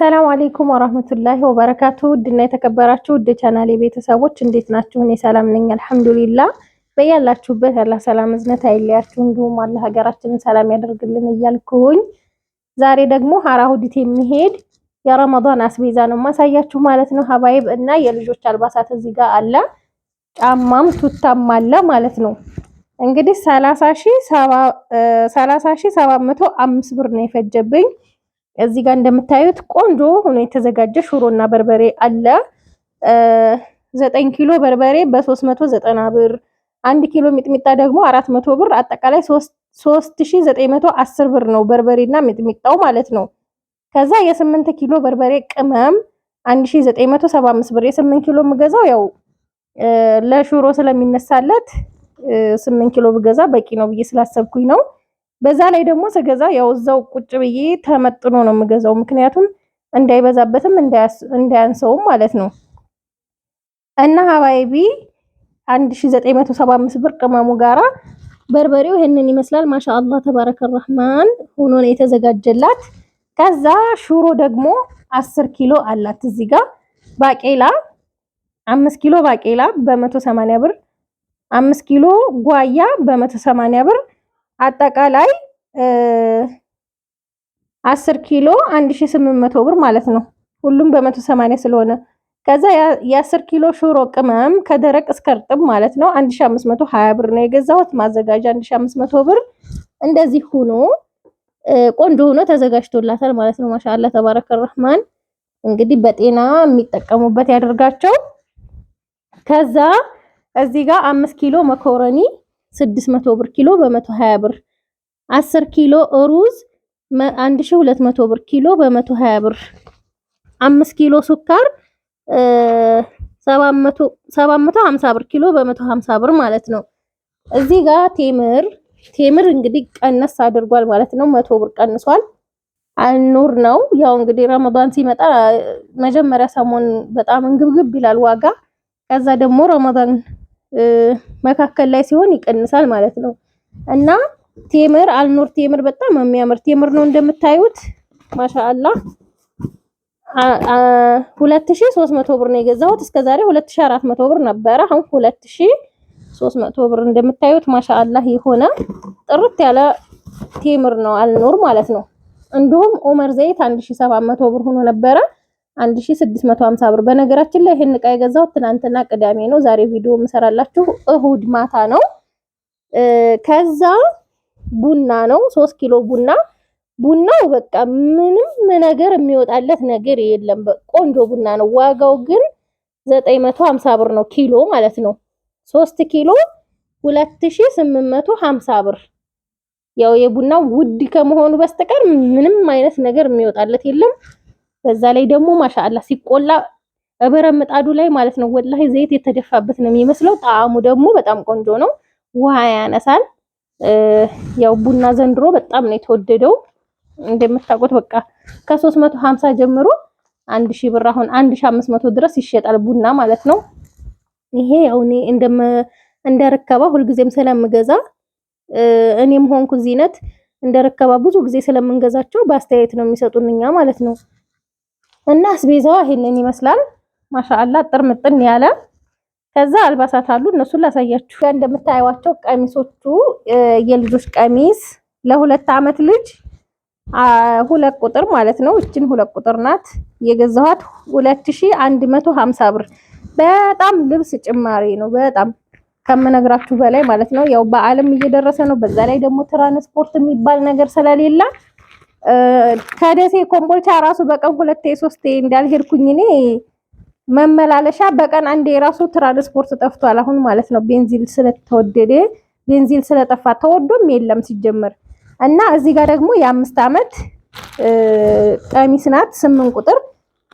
ሰላም አሌይኩም ወራህመቱላሂ ወበረካቱ ውድና የተከበራችሁ ውድ ቻናል የቤተሰቦች እንዴት ናችሁ? እኔ ሰላም ነኝ አልሐምዱሊላ። በያላችሁበት ያላ ሰላም እዝነት አይለያችሁ፣ እንዲሁም አለ ሀገራችንን ሰላም ያደርግልን እያልኩኝ ዛሬ ደግሞ ሀራ ሁዲት የሚሄድ የረመዳን አስቤዛ ነው ማሳያችሁ ማለት ነው ሀባይብ። እና የልጆች አልባሳት እዚህ ጋር አለ፣ ጫማም ቱታም አለ ማለት ነው። እንግዲህ ሰላሳ ሺህ ሰባት መቶ አምስት ብር ነው የፈጀብኝ እዚህ ጋር እንደምታዩት ቆንጆ ሆኖ የተዘጋጀ እና በርበሬ አለ። ዘጠኝ ኪሎ በርበሬ በሶስት መቶ ዘጠና ብር፣ አንድ ኪሎ ሚጥሚጣ ደግሞ አራት መቶ ብር፣ አጠቃላይ ሶስት ሺ ዘጠኝ መቶ አስር ብር ነው በርበሬና ሚጥሚጣው ማለት ነው። ከዛ የስምንት ኪሎ በርበሬ ቅመም አንድ ሺ ዘጠኝ መቶ ሰባ አምስት ብር። የስምንት ኪሎ ምገዛው ያው ለሽሮ ስለሚነሳለት ስምንት ኪሎ ብገዛ በቂ ነው ብዬ ስላሰብኩኝ ነው። በዛ ላይ ደግሞ ስገዛ ያው እዛው ቁጭ ብዬ ተመጥኖ ነው የምገዛው፣ ምክንያቱም እንዳይበዛበትም እንዳያንሰውም ማለት ነው። እና ሀባይቢ 1975 ብር ቅመሙ ጋራ በርበሬው ይህንን ይመስላል። ማሻአላህ ተባረከ ረህማን ሆኖ ነው የተዘጋጀላት። ከዛ ሽሮ ደግሞ 10 ኪሎ አላት እዚህ ጋር ባቄላ 5 ኪሎ ባቄላ በ180 ብር፣ 5 ኪሎ ጓያ በ180 ብር አጠቃላይ አስር ኪሎ 1800 ብር ማለት ነው። ሁሉም በ180 ስለሆነ ከዛ የ10 ኪሎ ሽሮ ቅመም ከደረቅ እስከ እርጥብ ማለት ነው 1520 ብር ነው የገዛሁት። ማዘጋጃ 1500 ብር። እንደዚህ ሆኖ ቆንጆ ሆኖ ተዘጋጅቶላታል ማለት ነው። ማሻአላ ተባረከ ረህማን። እንግዲህ በጤና የሚጠቀሙበት ያደርጋቸው። ከዛ እዚጋ 5 ኪሎ መኮረኒ 600 ብር ኪሎ በ120 ብር 10 ኪሎ ሩዝ 1200 ብር ኪሎ በ120 ብር 5 ኪሎ ሱካር 750 ብር ኪሎ በ150 ብር ማለት ነው። እዚህ ጋር ቴምር ቴምር እንግዲህ ቀነስ አድርጓል ማለት ነው። መቶ ብር ቀንሷል። አልኑር ነው ያው እንግዲህ ረመዳን ሲመጣ መጀመሪያ ሰሞን በጣም እንግብግብ ይላል ዋጋ። ከዛ ደግሞ ረመዳን መካከል ላይ ሲሆን ይቀንሳል ማለት ነው። እና ቴምር አልኖር ቴምር በጣም የሚያምር ቴምር ነው እንደምታዩት ማሻአላ 2300 ብር ነው የገዛሁት። እስከዛሬ 2400 ብር ነበረ። አሁን 2300 ብር እንደምታዩት ማሻአላ የሆነ ጥርት ያለ ቴምር ነው አልኖር ማለት ነው። እንዲሁም ኦመር ዘይት 1700 ብር ሆኖ ነበረ። 1650 ብር። በነገራችን ላይ ይሄን እቃ የገዛሁት ትናንትና ቅዳሜ ነው። ዛሬ ቪዲዮ የምሰራላችሁ እሁድ ማታ ነው። ከዛ ቡና ነው 3 ኪሎ ቡና ቡናው በቃ ምንም ነገር የሚወጣለት ነገር የለም። ቆንጆ ቡና ነው። ዋጋው ግን 950 ብር ነው ኪሎ ማለት ነው። 3 ኪሎ 2850 ብር። ያው የቡናው ውድ ከመሆኑ በስተቀር ምንም አይነት ነገር የሚወጣለት የለም። በዛ ላይ ደግሞ ማሻአላ ሲቆላ እበረ ምጣዱ ላይ ማለት ነው ወላሂ ዘይት የተደፋበት ነው የሚመስለው። ጣዕሙ ደግሞ በጣም ቆንጆ ነው። ውሃ ያነሳል። ያው ቡና ዘንድሮ በጣም ነው የተወደደው እንደምታውቁት በቃ ከ350 ጀምሮ 1000 ብር አሁን 1500 ድረስ ይሸጣል ቡና ማለት ነው። ይሄ ያው እኔ እንደም እንደረከባ ሁልጊዜም ስለምገዛ እኔም ሆንኩ ዚነት እንደረከባ ብዙ ጊዜ ስለምንገዛቸው በአስተያየት ነው የሚሰጡን እኛ ማለት ነው። እና አስቤዛዋ ይሄንን ይመስላል። ማሻአላ ጥር ምጥን ያለ ከዛ አልባሳት አሉ እነሱን ላሳያችሁ። ያ እንደምታዩዋቸው ቀሚሶቹ የልጆች ቀሚስ ለሁለት አመት ልጅ ሁለት ቁጥር ማለት ነው። እችን ሁለት ቁጥር ናት የገዛኋት 2150 ብር። በጣም ልብስ ጭማሪ ነው፣ በጣም ከምነግራችሁ በላይ ማለት ነው። ያው በዓለም እየደረሰ ነው። በዛ ላይ ደግሞ ትራንስፖርት የሚባል ነገር ስለሌላ ከደሴ ኮምቦልቻ ራሱ በቀን ሁለቴ ሶስቴ እንዳልሄድኩኝ እኔ መመላለሻ በቀን አንዴ የራሱ ትራንስፖርት ጠፍቷል። አሁን ማለት ነው ቤንዚል ስለተወደደ ቤንዚል ስለጠፋ ተወዶም የለም ሲጀመር እና እዚህ ጋር ደግሞ የአምስት ዓመት ቀሚስ ናት። ስምንት ቁጥር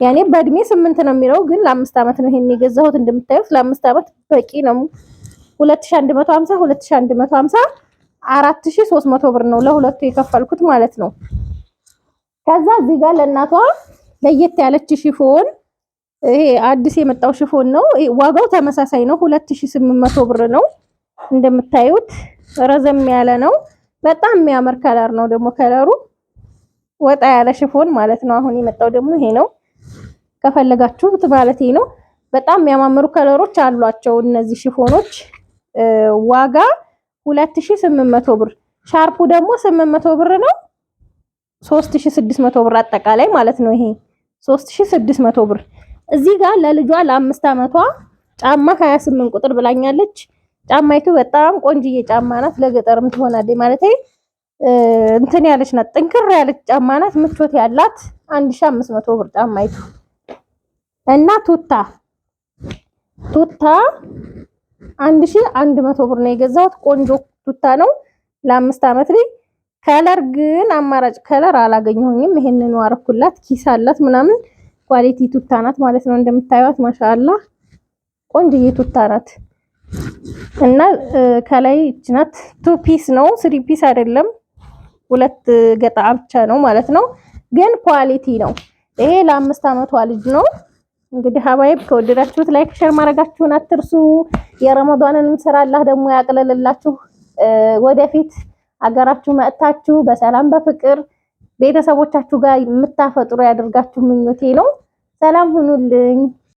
ያኔ በእድሜ ስምንት ነው የሚለው ግን ለአምስት ዓመት ነው ይሄን የገዛሁት። እንደምታዩት ለአምስት ዓመት በቂ ነው። ሺ ሶስት መቶ ብር ነው ለሁለቱ የከፈልኩት ማለት ነው። ከዛ እዚህ ጋር ለእናቷ ለየት ያለች ሽፎን ይሄ አዲስ የመጣው ሽፎን ነው። ዋጋው ተመሳሳይ ነው፣ 2800 ብር ነው። እንደምታዩት ረዘም ያለ ነው። በጣም የሚያምር ከለር ነው ደግሞ ከለሩ ወጣ ያለ ሽፎን ማለት ነው። አሁን የመጣው ደግሞ ይሄ ነው። ከፈለጋችሁት ማለት ነው። በጣም የሚያማምሩ ከለሮች አሏቸው እነዚህ ሽፎኖች። ዋጋ 2800 ብር፣ ሻርፑ ደግሞ 800 ብር ነው። 3600 ብር አጠቃላይ ማለት ነው። ይሄ 3600 ብር እዚህ ጋር ለልጇ ለአምስት ዓመቷ ጫማ 28 ቁጥር ብላኛለች። ጫማይቱ በጣም ቆንጅዬ ጫማ ናት። ለገጠርም ትሆናለች ማለት እንትን ያለች ናት። ጥንክር ያለች ጫማ ናት። ምቾት ያላት 1500 ብር ጫማይቱ እና ቱታ ቱታ 1100 ብር ነው የገዛሁት። ቆንጆ ቱታ ነው ለአምስት ዓመት ላይ ከለር ግን አማራጭ ከለር አላገኘሁኝም። ይሄንን አረኩላት። ኪስ አላት ምናምን ኳሊቲ ቱታ ናት ማለት ነው። እንደምታዩት ማሻአላ ቆንጅዬ ቱታ ናት። እና ከላይ ችናት ቱ ፒስ ነው፣ ስሪ ፒስ አይደለም። ሁለት ገጣ ብቻ ነው ማለት ነው። ግን ኳሊቲ ነው። ይሄ ለአምስት አመቷ ልጅ ነው። እንግዲህ ሀባይብ ከወደዳችሁት ላይክ ሼር ማድረጋችሁን አትርሱ። የረመዷንን ስራ አላህ ደግሞ ያቅለልላችሁ ወደፊት አገራችሁ መጥታችሁ በሰላም በፍቅር ቤተሰቦቻችሁ ጋር የምታፈጥሩ ያደርጋችሁ ምኞቴ ነው። ሰላም ሁኑልኝ።